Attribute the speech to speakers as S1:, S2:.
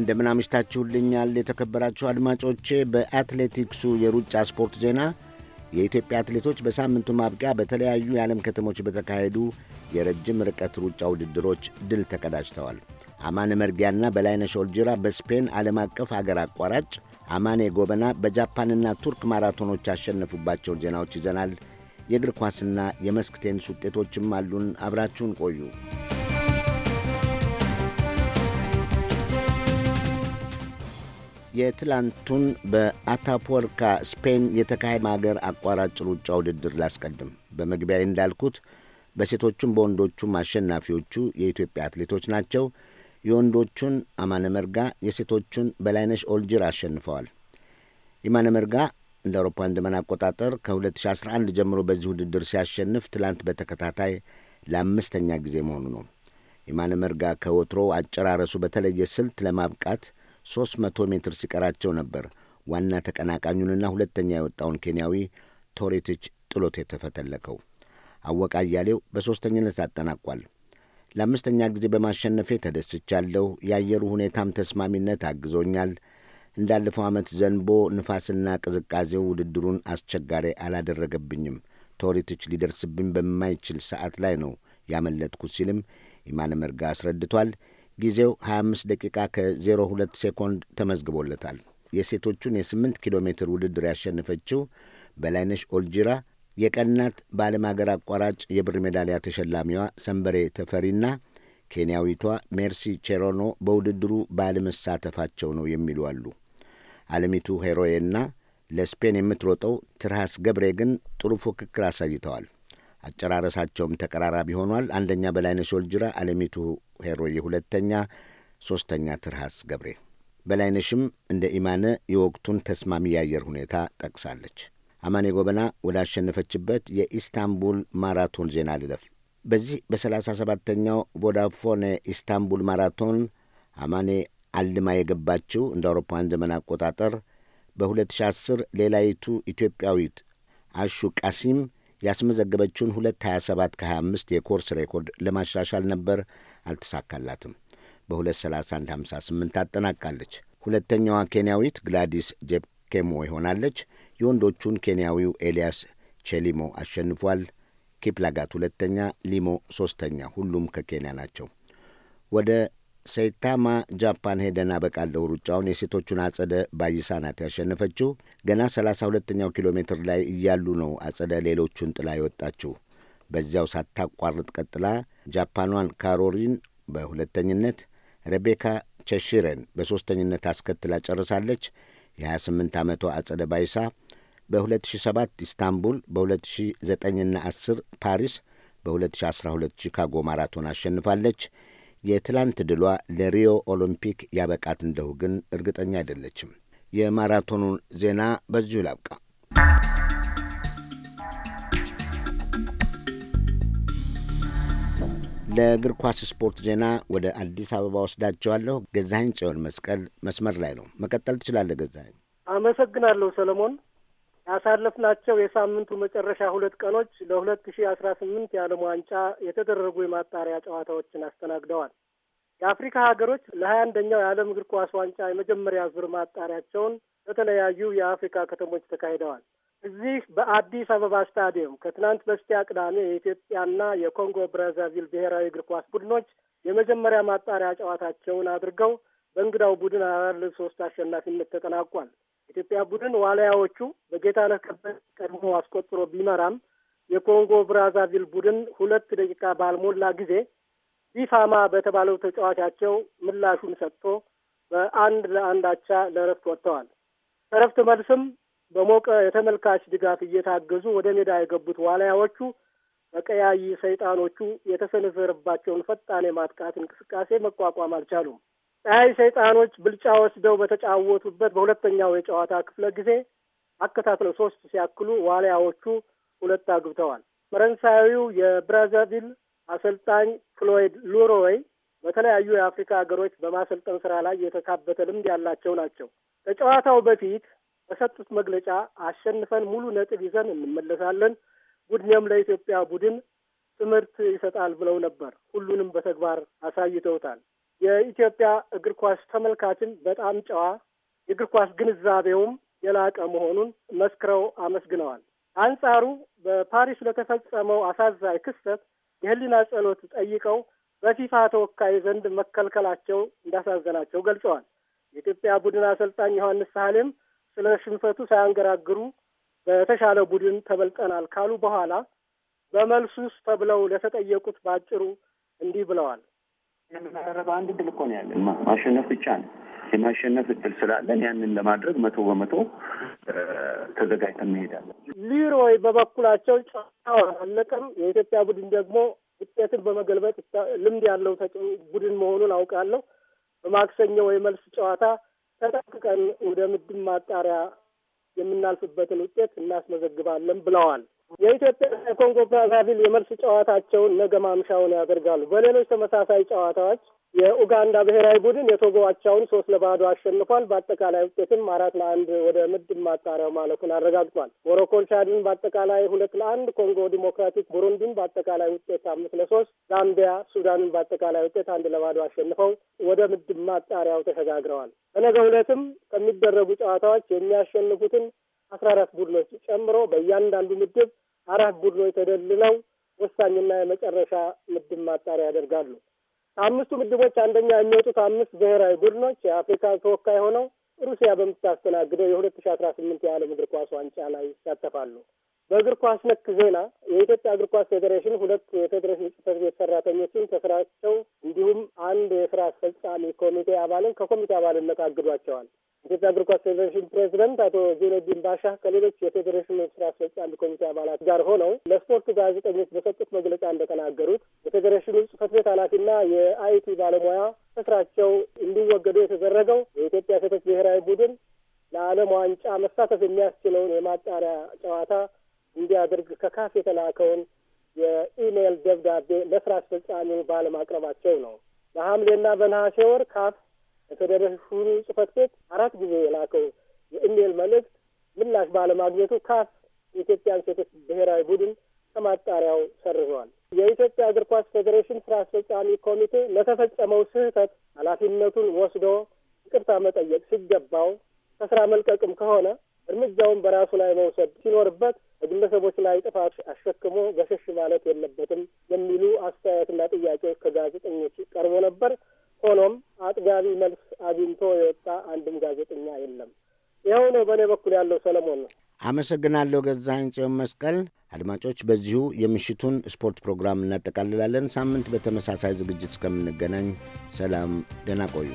S1: እንደምን አምሽታችሁልኛል የተከበራችሁ አድማጮቼ። በአትሌቲክሱ የሩጫ ስፖርት ዜና የኢትዮጵያ አትሌቶች በሳምንቱ ማብቂያ በተለያዩ የዓለም ከተሞች በተካሄዱ የረጅም ርቀት ሩጫ ውድድሮች ድል ተቀዳጅተዋል። አማን መርጊያና በላይነሽ ኦልጂራ በስፔን ዓለም አቀፍ አገር አቋራጭ፣ አማኔ ጎበና በጃፓንና ቱርክ ማራቶኖች ያሸነፉባቸውን ዜናዎች ይዘናል። የእግር ኳስና የመስክ ቴኒስ ውጤቶችም አሉን። አብራችሁን ቆዩ። የትላንቱን በአታፖርካ ስፔን የተካሄደ ሀገር አቋራጭ ሩጫ ውድድር ላስቀድም። በመግቢያ እንዳልኩት በሴቶቹም በወንዶቹም አሸናፊዎቹ የኢትዮጵያ አትሌቶች ናቸው። የወንዶቹን አማነ መርጋ፣ የሴቶቹን በላይነሽ ኦልጅር አሸንፈዋል። ኢማነ መርጋ እንደ አውሮፓውያን ዘመን አቆጣጠር ከ2011 ጀምሮ በዚህ ውድድር ሲያሸንፍ ትላንት በተከታታይ ለአምስተኛ ጊዜ መሆኑ ነው። ኢማነ መርጋ ከወትሮ አጨራረሱ በተለየ ስልት ለማብቃት 300 ሜትር ሲቀራቸው ነበር ዋና ተቀናቃኙንና ሁለተኛ የወጣውን ኬንያዊ ቶሬቲች ጥሎት የተፈተለከው። አወቃ አያሌው በሦስተኝነት አጠናቋል። ለአምስተኛ ጊዜ በማሸነፌ ተደስቻለሁ። የአየሩ ሁኔታም ተስማሚነት አግዞኛል። እንዳለፈው ዓመት ዘንቦ ንፋስና ቅዝቃዜው ውድድሩን አስቸጋሪ አላደረገብኝም። ቶሪትች ሊደርስብኝ በማይችል ሰዓት ላይ ነው ያመለጥኩት ሲልም ኢማነ መርጋ አስረድቷል። ጊዜው 25 ደቂቃ ከ02 ሴኮንድ ተመዝግቦለታል። የሴቶቹን የ8 ኪሎ ሜትር ውድድር ያሸነፈችው በላይነሽ ኦልጂራ የቀናት በዓለም አገር አቋራጭ የብር ሜዳሊያ ተሸላሚዋ ሰንበሬ ተፈሪና ኬንያዊቷ ሜርሲ ቼሮኖ በውድድሩ ባለመሳተፋቸው ነው የሚሉ አሉ። አለሚቱ ሄሮዬና ለስፔን የምትሮጠው ትርሃስ ገብሬ ግን ጥሩ ፉክክር አሳይተዋል። አጨራረሳቸውም ተቀራራቢ ሆኗል። አንደኛ በላይነሽ ኦልጅራ፣ አለሚቱ ሄሮይ ሁለተኛ፣ ሦስተኛ ትርሃስ ገብሬ። በላይነሽም እንደ ኢማነ የወቅቱን ተስማሚ የአየር ሁኔታ ጠቅሳለች። አማኔ ጎበና ወዳሸነፈችበት የኢስታንቡል ማራቶን ዜና ልለፍ። በዚህ በሰላሳ ሰባተኛው ቮዳፎን ኢስታንቡል ማራቶን አማኔ አልማ የገባችው እንደ አውሮፓውያን ዘመን አቆጣጠር በ2010 ሌላይቱ ኢትዮጵያዊት አሹ ቃሲም ያስመዘገበችውን 227 ከ25 የኮርስ ሬኮርድ ለማሻሻል ነበር፣ አልተሳካላትም። በ23158 አጠናቃለች። ሁለተኛዋ ኬንያዊት ግላዲስ ጄፕኬሞ ይሆናለች። የወንዶቹን ኬንያዊው ኤልያስ ቼሊሞ አሸንፏል። ኪፕላጋት ሁለተኛ፣ ሊሞ ሦስተኛ። ሁሉም ከኬንያ ናቸው። ወደ ሰይታማ ጃፓን ሄደን አበቃለሁ። ሩጫውን የሴቶቹን አጸደ ባይሳ ናት ያሸነፈችው። ገና 32ኛው ኪሎ ሜትር ላይ እያሉ ነው አጸደ ሌሎቹን ጥላ የወጣችው። በዚያው ሳታቋርጥ ቀጥላ ጃፓኗን ካሮሪን በሁለተኝነት ሬቤካ ቸሺረን በሦስተኝነት አስከትላ ጨርሳለች። የ28 ዓመቷ አጸደ ባይሳ በ2007 ኢስታንቡል፣ በ2009ና 10 ፓሪስ፣ በ2012 ቺካጎ ማራቶን አሸንፋለች። የትላንት ድሏ ለሪዮ ኦሎምፒክ ያበቃት እንደሁ ግን እርግጠኛ አይደለችም። የማራቶኑን ዜና በዚሁ ላብቃ። ለእግር ኳስ ስፖርት ዜና ወደ አዲስ አበባ ወስዳቸዋለሁ። ገዛኸኝ ጽዮን መስቀል መስመር ላይ ነው። መቀጠል ትችላለህ ገዛኸኝ።
S2: አመሰግናለሁ ሰለሞን። ያሳለፍናቸው የሳምንቱ መጨረሻ ሁለት ቀኖች ለሁለት ሺ አስራ ስምንት የዓለም ዋንጫ የተደረጉ የማጣሪያ ጨዋታዎችን አስተናግደዋል። የአፍሪካ ሀገሮች ለሀያ አንደኛው የዓለም እግር ኳስ ዋንጫ የመጀመሪያ ዙር ማጣሪያቸውን በተለያዩ የአፍሪካ ከተሞች ተካሂደዋል። እዚህ በአዲስ አበባ ስታዲየም ከትናንት በስቲያ ቅዳሜ የኢትዮጵያና የኮንጎ ብራዛቪል ብሔራዊ እግር ኳስ ቡድኖች የመጀመሪያ ማጣሪያ ጨዋታቸውን አድርገው በእንግዳው ቡድን አራት ለሶስት አሸናፊነት ተጠናቋል። ኢትዮጵያ ቡድን ዋልያዎቹ በጌታነህ ከበደ ቀድሞ አስቆጥሮ ቢመራም የኮንጎ ብራዛቪል ቡድን ሁለት ደቂቃ ባልሞላ ጊዜ ቢፋማ በተባለው ተጫዋቻቸው ምላሹን ሰጥቶ በአንድ ለአንድ አቻ ለእረፍት ወጥተዋል። እረፍት መልስም በሞቀ የተመልካች ድጋፍ እየታገዙ ወደ ሜዳ የገቡት ዋልያዎቹ በቀያይ ሰይጣኖቹ የተሰነዘረባቸውን ፈጣን የማጥቃት እንቅስቃሴ መቋቋም አልቻሉም። ፀሐይ ሰይጣኖች ብልጫ ወስደው በተጫወቱበት በሁለተኛው የጨዋታ ክፍለ ጊዜ አከታትለው ሶስት ሲያክሉ ዋልያዎቹ ሁለት አግብተዋል። ፈረንሳዊው የብራዛቪል አሰልጣኝ ፍሎይድ ሉሮይ በተለያዩ የአፍሪካ ሀገሮች በማሰልጠን ስራ ላይ የተካበተ ልምድ ያላቸው ናቸው። ከጨዋታው በፊት በሰጡት መግለጫ አሸንፈን ሙሉ ነጥብ ይዘን እንመለሳለን፣ ቡድኔም ለኢትዮጵያ ቡድን ትምህርት ይሰጣል ብለው ነበር። ሁሉንም በተግባር አሳይተውታል። የኢትዮጵያ እግር ኳስ ተመልካችን በጣም ጨዋ፣ የእግር ኳስ ግንዛቤውም የላቀ መሆኑን መስክረው አመስግነዋል። አንጻሩ በፓሪስ ለተፈጸመው አሳዛኝ ክስተት የህሊና ጸሎት ጠይቀው በፊፋ ተወካይ ዘንድ መከልከላቸው እንዳሳዘናቸው ገልጸዋል። የኢትዮጵያ ቡድን አሰልጣኝ ዮሐንስ ሳህሌም ስለ ሽንፈቱ ሳያንገራግሩ በተሻለ ቡድን ተበልጠናል ካሉ በኋላ በመልሱስ ተብለው ለተጠየቁት በአጭሩ እንዲህ ብለዋል። የምናደረገው አንድ ድል እኮ ነው ያለን፣ ማሸነፍ ብቻ ነው። የማሸነፍ እድል ስላለን ያንን ለማድረግ መቶ በመቶ ተዘጋጅተን እንሄዳለን። ሊሮይ በበኩላቸው ጨዋታው አላለቀም። የኢትዮጵያ ቡድን ደግሞ ውጤትን በመገልበጥ ልምድ ያለው ቡድን መሆኑን አውቃለሁ። በማክሰኞው የመልስ ጨዋታ ተጠቅቀን ወደ ምድብ ማጣሪያ የምናልፍበትን ውጤት እናስመዘግባለን ብለዋል። የኢትዮጵያ የኮንጎ ብራዛቪል የመልስ ጨዋታቸውን ነገ ማምሻውን ያደርጋሉ። በሌሎች ተመሳሳይ ጨዋታዎች የኡጋንዳ ብሔራዊ ቡድን የቶጎ አቻውን ሶስት ለባዶ አሸንፏል። በአጠቃላይ ውጤትም አራት ለአንድ ወደ ምድብ ማጣሪያው ማለፉን አረጋግጧል። ሞሮኮን ቻድን በአጠቃላይ ሁለት ለአንድ፣ ኮንጎ ዲሞክራቲክ ቡሩንዲን በአጠቃላይ ውጤት አምስት ለሶስት፣ ዛምቢያ ሱዳንን በአጠቃላይ ውጤት አንድ ለባዶ አሸንፈው ወደ ምድብ ማጣሪያው ተሸጋግረዋል።
S1: በነገ ሁለትም
S2: ከሚደረጉ ጨዋታዎች የሚያሸንፉትን አስራ አራት ቡድኖች ጨምሮ በእያንዳንዱ ምድብ አራት ቡድኖች ተደልለው ወሳኝና የመጨረሻ ምድብ ማጣሪያ ያደርጋሉ። ከአምስቱ ምድቦች አንደኛ የሚወጡት አምስት ብሔራዊ ቡድኖች የአፍሪካ ተወካይ ሆነው ሩሲያ በምታስተናግደው የሁለት ሺ አስራ ስምንት የዓለም እግር ኳስ ዋንጫ ላይ ይሳተፋሉ። በእግር ኳስ ነክ ዜና የኢትዮጵያ እግር ኳስ ፌዴሬሽን ሁለት የፌዴሬሽን ጽህፈት ቤት ሰራተኞችን ከስራቸው እንዲሁም አንድ የስራ አስፈጻሚ ኮሚቴ አባልን ከኮሚቴ አባልነት አግዷቸዋል። የኢትዮጵያ እግር ኳስ ፌዴሬሽን ፕሬዚደንት አቶ ጁነዲን ባሻ ከሌሎች የፌዴሬሽኑ ስራ አስፈጻሚ ኮሚቴ አባላት ጋር ሆነው ለስፖርት ጋዜጠኞች በሰጡት መግለጫ እንደተናገሩት የፌዴሬሽኑ ጽህፈት ቤት ኃላፊና የአይቲ ባለሙያ ከስራቸው እንዲወገዱ የተደረገው የኢትዮጵያ ሴቶች ብሔራዊ ቡድን ለዓለም ዋንጫ መሳተፍ የሚያስችለውን የማጣሪያ ጨዋታ እንዲያደርግ ከካፍ የተላከውን የኢሜይል ደብዳቤ ለስራ አስፈጻሚው ባለማቅረባቸው ነው። በሐምሌና በነሐሴ ወር ካፍ ለፌዴሬሽኑ ጽህፈት ቤት አራት ጊዜ የላከው የኢሜይል መልእክት ምላሽ ባለማግኘቱ ካፍ የኢትዮጵያን ሴቶች ብሔራዊ ቡድን ከማጣሪያው ሰርዟል። የኢትዮጵያ እግር ኳስ ፌዴሬሽን ስራ አስፈጻሚ ኮሚቴ ለተፈጸመው ስህተት ኃላፊነቱን ወስዶ ይቅርታ መጠየቅ ሲገባው ከስራ መልቀቅም ከሆነ እርምጃውን በራሱ ላይ መውሰድ ሲኖርበት በግለሰቦች ላይ ጥፋት አሸክሞ ገሸሽ ማለት የለበትም የሚሉ አስተያየትና ጥያቄዎች ከጋዜጠኞች ቀርቦ ነበር። ሆኖም አጥጋቢ መልስ አግኝቶ የወጣ አንድም ጋዜጠኛ የለም። ይኸው ነው በእኔ በኩል ያለው። ሰለሞን ነው።
S1: አመሰግናለሁ። ገዛኸኝ ጽዮን መስቀል። አድማጮች፣ በዚሁ የምሽቱን ስፖርት ፕሮግራም እናጠቃልላለን። ሳምንት በተመሳሳይ ዝግጅት እስከምንገናኝ ሰላም፣ ደህና ቆዩ።